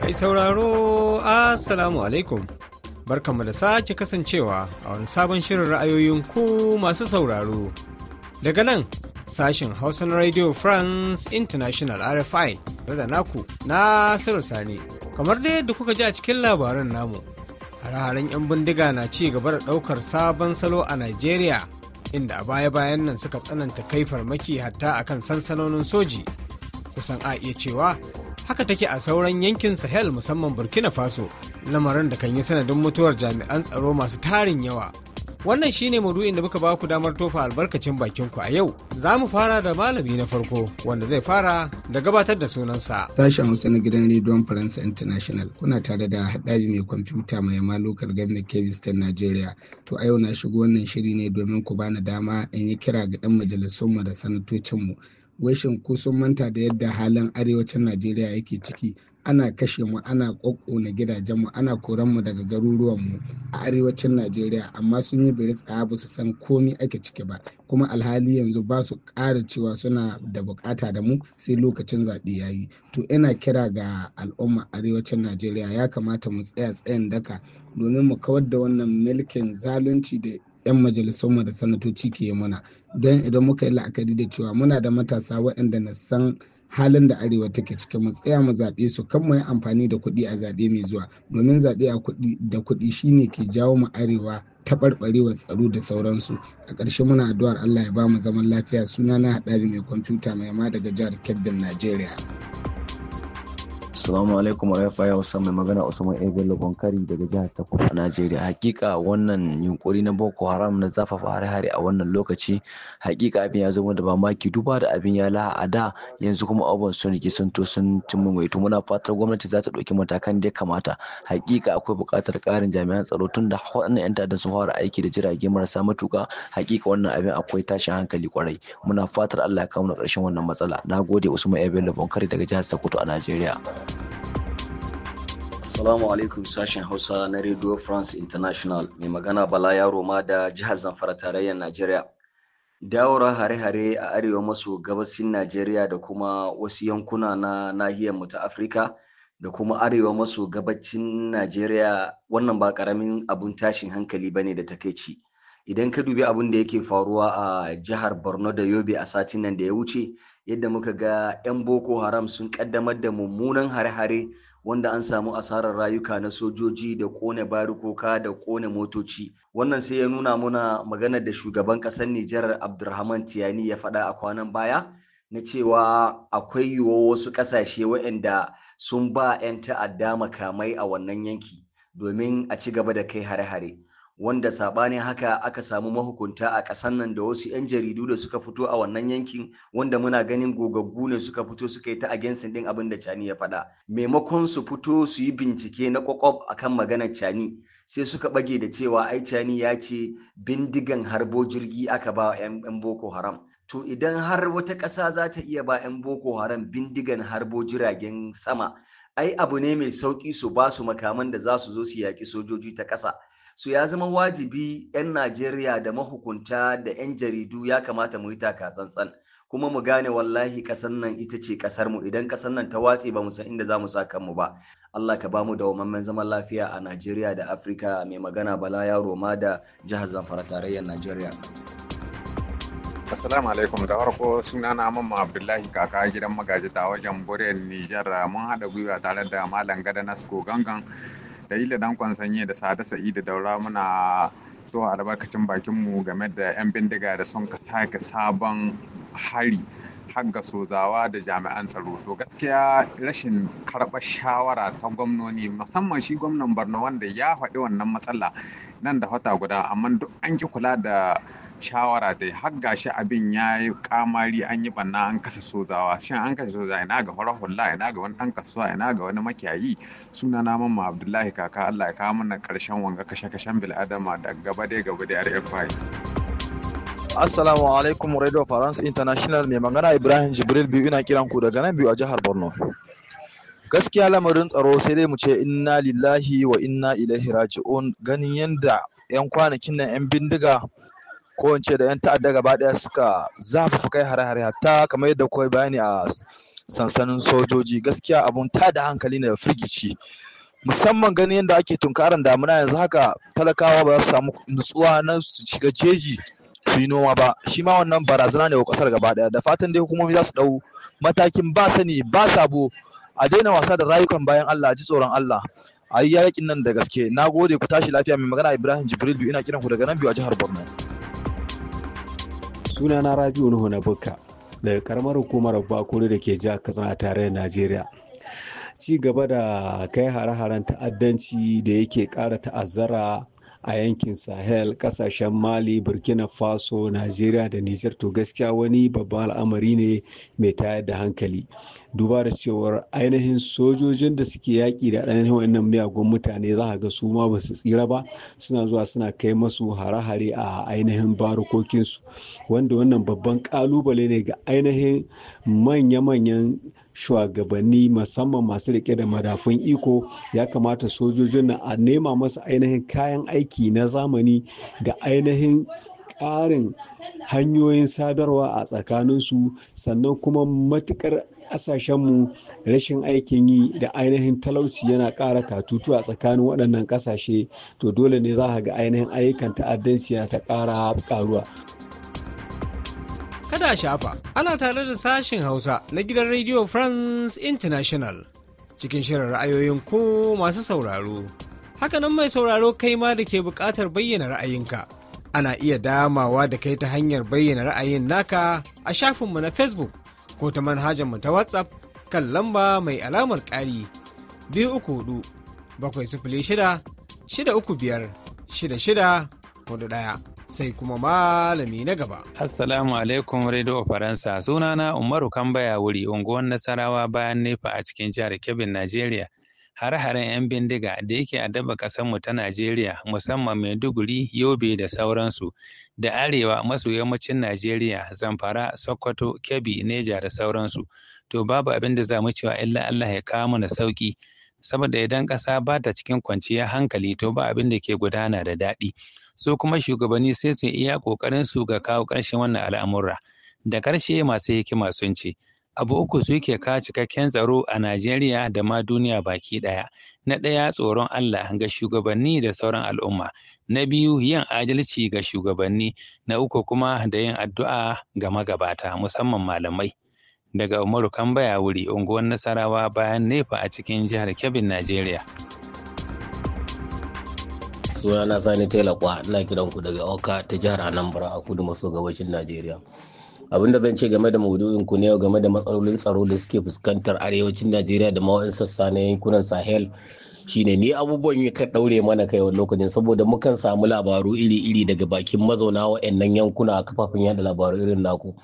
Mai sauraro, Assalamu alaikum. Barkanmu da sake kasancewa a wani sabon shirin ra'ayoyin ku masu sauraro. Daga nan, sashen Hausa na Radio France International RFI, da naku na Sani. Kamar dai yadda kuka ji a cikin labaran namu, hare 'yan bindiga na ci gaba da ɗaukar sabon salo a Najeriya, inda a baya-bayan nan suka tsananta kai farmaki hatta akan sansanonin soji. kusan a iya cewa haka take a sauran yankin sahel musamman burkina faso lamarin da kan yi sanadin mutuwar jami'an tsaro masu tarin yawa wannan shine maudu'in da muka ba ku damar tofa albarkacin bakin ku a yau za mu fara da malami na farko wanda zai fara da gabatar da sunansa sashen hausa na gidan rediyon faransa international kuna tare da haɗari mai kwamfuta mai yama lokal government kevistan nigeria to a yau na shigo wannan shiri ne domin ku bani dama in yi kira ga ɗan majalisunmu da sanatocinmu washin kusan manta da yadda halin arewacin najeriya yake ciki ana kashe mu ana gidajen mu ana koran mu daga garuruwan mu a arewacin najeriya amma sun yi bari tsaya ba su san komi ake ciki ba kuma alhali yanzu ba su ƙara cewa suna da bukata da mu sai lokacin zaɓe ya yi to ina kira ga al'umma arewacin najeriya ya kamata mu tsaya tsayin daka domin mu kawar da wannan milkin zalunci da 'yan majalisunmu da sanatoci ke muna don idan muka yi la'akari da cewa muna da matasa waɗanda na san halin da arewa take ciki mu tsaya mu zaɓe su kan mu yi amfani da kuɗi a zaɓe mai zuwa domin zaɓe a kuɗi da kuɗi shine ke jawo mu arewa taɓarɓarewar tsaro da sauransu a ƙarshe muna addu'ar allah ya ba mu zaman lafiya suna na haɗari mai kwamfuta mai ma daga jihar kebbin najeriya Assalamu alaikum ya wasu mai magana Usman bello Bonkari daga jihar Takwas a Najeriya. Hakika wannan yunkuri na Boko Haram na zafafa hare-hare a wannan lokaci hakika abin ya zama da mamaki duba da abin ya laha a da yanzu kuma abubuwan sun rike sun to sun cimma mai muna fatar gwamnati za ta ɗauki matakan da ya kamata. Hakika akwai buƙatar ƙarin jami'an tsaro tun da waɗannan 'yan ta'adda sun fara aiki da jirage marasa matuƙa hakika wannan abin akwai tashin hankali kwarai. Muna fatar Allah ya kawo na ƙarshen wannan matsala. Na gode Usman bello Bonkari daga jihar Sokoto a Najeriya. Assalamu alaikum sashen Hausa na Radio France International mai magana Bala Yaro ma da jihar Zamfara tarayyar Najeriya. Dawara hare-hare a arewa maso gabashin Najeriya da kuma wasu yankuna na nahiyar mu ta Afirka da kuma arewa maso gabacin Najeriya wannan ba karamin abun tashin hankali bane da takeici. Idan ka dubi abun da yake faruwa a jihar Borno da Yobe a satin nan da ya wuce, yadda muka ga 'yan Boko Haram sun ƙaddamar da mummunan hare-hare wanda an samu asarar rayuka na sojoji da kone barikoka da kone motoci wannan sai ya nuna muna maganar da shugaban ƙasar nijar abdulrahman tiyani ya faɗa a kwanan baya na cewa akwai yiwuwa wasu ƙasashe waɗanda sun ba 'yan ta'adda makamai a wannan yanki domin a ci gaba da kai hare-hare wanda sabanin haka aka samu mahukunta a ƙasar nan da wasu 'yan jaridu da suka fito a wannan yankin wanda muna ganin gogaggu ne suka fito suka yi ta against din abin da Cani ya faɗa maimakon su fito su yi bincike na kwakwab kan maganar Cani sai suka bage da cewa ai Cani ya ce bindigan harbo jirgi aka ba 'yan Boko Haram to idan har wata ƙasa za ta iya ba 'yan Boko Haram bindigan harbo jiragen sama ai abu ne mai sauƙi su ba su makaman da za su zo su yaki sojoji ta ƙasa su ya zama wajibi 'yan najeriya da mahukunta da 'yan jaridu ya kamata mu yi taka tsantsan kuma mu gane wallahi ƙasar nan ita ce kasar mu idan ƙasar nan ta watse ba mu san inda za mu sa kanmu ba Allah ka bamu da wamammen zaman lafiya a Najeriya da Afirka mai magana Bala Yaro ma da jihar Zamfara tarayyar Najeriya. Assalamu alaikum da farko sunana Mamma Abdullahi kaka gidan magaji ta wajen Buren Nijar mun haɗa gwiwa tare da Malam Gada Nasko Gangan da yi Sanye da sada da daura muna zuwa albarkacin bakin mu game da 'yan bindiga da sun ka sake sabon hari hagga sozawa da jami'an tsaro to gaskiya rashin karɓar shawara ta gwamnoni musamman shi gwamnan borno wanda ya faɗi wannan matsala nan da fata guda amma duk an ki kula da shawara ta har gashi abin ya yi kamari an yi banna an kasa sozawa shin an kasa soza ina ga farar hula ina ga wani ɗan kasuwa ina ga wani makiyayi suna na abdullahi kaka allah ya kawo mana ƙarshen wanga kashe-kashen bil adama, da gaba dai gaba dai rfi Assalamu alaikum Radio France International mai magana Ibrahim Jibril biyu ina kiran ku daga nan biyu a jihar Borno. Gaskiya lamarin tsaro sai dai mu ce inna lillahi wa inna ilaihi raji'un ganin yadda 'yan kwanakin nan 'yan bindiga ko in ce da 'yan ta'adda gaba ɗaya suka zafafa kai hare-hare hatta kamar yadda kawai bayani a sansanin sojoji gaskiya abun ta da hankali ne da firgici musamman ganin yadda ake tunkarar damuna yanzu haka talakawa ba za su samu nutsuwa na su shiga jeji su yi noma ba shi ma wannan barazana ne wa kasar gaba daya da fatan dai hukumomi za su dau matakin ba sani ba sabo a daina wasa da rayukan bayan Allah a ji tsoron Allah a yi yakin nan da gaske na gode ku tashi lafiya mai magana Ibrahim biyu, ina kiran ku daga nan biyu a jihar Borno suna na rabiu nuhu na bukka daga karamar hukumar bakuri da ke jihar katsina da najeriya ci gaba da kai hare-haren ta'addanci da yake kara ta'azzara a yankin sahel kasashen mali burkina faso najeriya da nijar to gaskiya wani babban al'amari ne mai tayar da hankali duba da cewar ainihin sojojin da suke yaƙi da ainihin wannan miyagun mutane za a ga su ma ba su tsira ba suna zuwa suna kai masu hare-hare a ainihin barukokinsu wanda wannan babban ƙalubale ne ga ainihin manya-manyan shugabanni musamman masu rike da madafun iko ya kamata sojojin na a nema masu ainihin kayan aiki na zamani da ainihin ƙarin hanyoyin sadarwa a tsakaninsu sannan kuma matuƙar ƙasashenmu rashin aikin yi da ainihin talauci yana ƙara katutu a tsakanin waɗannan ƙasashe to dole ne za a ga ainihin ayyukan ta'addanci ta ƙara ƙaruwa. Kada shafa, ana tare da sashin Hausa na gidan Radio France International cikin shirin ra'ayoyin ku masu sauraro. Hakanan mai sauraro kai ma da ke buƙatar bayyana ra'ayinka. ana iya damawa da kai ta hanyar bayyana ra'ayin naka a shafinmu na facebook ko ta manhajarmu ta whatsapp kan lamba mai alamar ƙari biyu uku hudu bakwai sifili shida shida uku biyar sai kuma malami na gaba. Assalamu alaikum Radio Faransa sunana Umaru Kambaya wuri unguwar Nasarawa bayan nefa a cikin jihar Kebbi Najeriya. hare-haren 'yan bindiga da yake addaba ƙasarmu ta Najeriya musamman Maiduguri, Yobe da sauransu, da Arewa maso yammacin Najeriya, Zamfara, Sokoto, Kebbi, Neja da sauransu. To babu abin da za mu cewa illa Allah ya kawo mana sauƙi. saboda idan ƙasa ba ta cikin kwanciyar hankali to ba abin da ke gudana da daɗi su kuma shugabanni sai su iya ƙoƙarinsu ga kawo ƙarshen wannan al'amura da ƙarshe masu hikima sun ce abu uku suke ka cikakken tsaro a Najeriya da ma duniya baki ɗaya. Na ɗaya tsoron Allah ga shugabanni da sauran al'umma. Na biyu yin adalci ga shugabanni. Na uku kuma da yin addu'a ga magabata musamman malamai. Daga Umaru Kambaya wuri unguwar Nasarawa bayan Nefa a cikin jihar Kebbi, Najeriya. Suna na Sani Telakwa, ina kiran ku daga Oka ta jihar Anambra a kudu maso gabashin Najeriya. abinda zan ce game da maudu'in ku ne game da matsalolin tsaro da suke fuskantar arewacin najeriya da mawa'in sassa na yankunan sahel shine ne abubuwan ya ka daure mana kai wani lokacin saboda mukan samu labaru iri-iri daga bakin mazauna wa'annan yankuna a kafafen yada labaru irin naku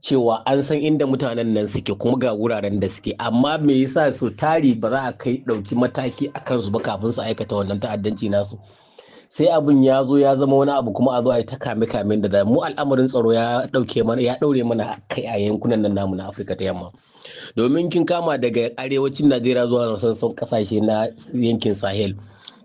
cewa an san inda mutanen nan suke kuma ga wuraren da suke amma me yasa su tari ba za a kai ɗauki mataki a kansu ba kafin su aikata wannan ta'addanci nasu sai abin ya zo ya zama wani abu kuma a zo a yi ta kame kamen da mu al'amarin tsaro ya dauke mana ya daure mana kai a yankunan nan namu na Afirka ta yamma domin kin kama daga arewacin Najeriya zuwa sassan kasashe na yankin Sahel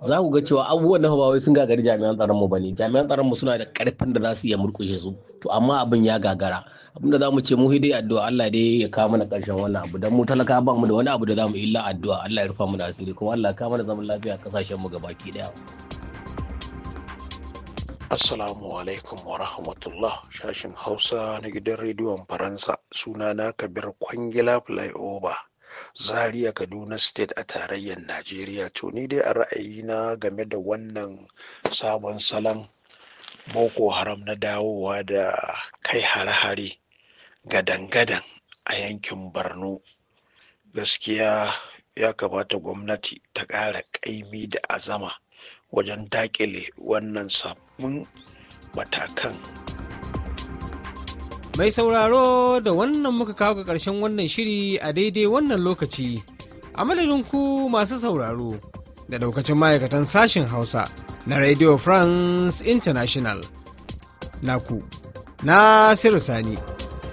za ku ga cewa abubuwan na hawaii sun gagari jami'an tsaron mu ne, jami'an tsaron suna da karfin da za su iya murkushe su to amma abin ya gagara abin da mu ce mu dai addu'a Allah dai ya kawo mana karshen wannan abu dan mu talaka ba mu da wani abu da za zamu illa addu'a Allah ya rufa mu da asiri kuma Allah ya kawo mana zaman lafiya a kasashen mu gabaki daya Assalamu alaikum wa rahmatullah shashin Hausa na gidan rediyon Faransa suna na Kabir Kwangila Flyover Zaria Kaduna State a tarayyar Najeriya to ni dai a ra'ayina game da wannan sabon salon Boko Haram na dawowa da kai hare-hare gadan-gadan a yankin Borno gaskiya ya kamata gwamnati ta ƙara ƙaimi da azama wajen dakile wannan sabbin matakan. Mai sauraro da wannan muka kawo ga ƙarshen wannan shiri a daidai wannan lokaci, a madadin ku masu sauraro da daukacin ma'aikatan sashen Hausa na Radio France International. Naku, na Sani,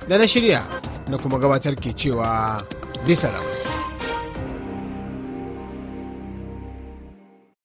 da na shirya na kuma gabatar ke cewa bisa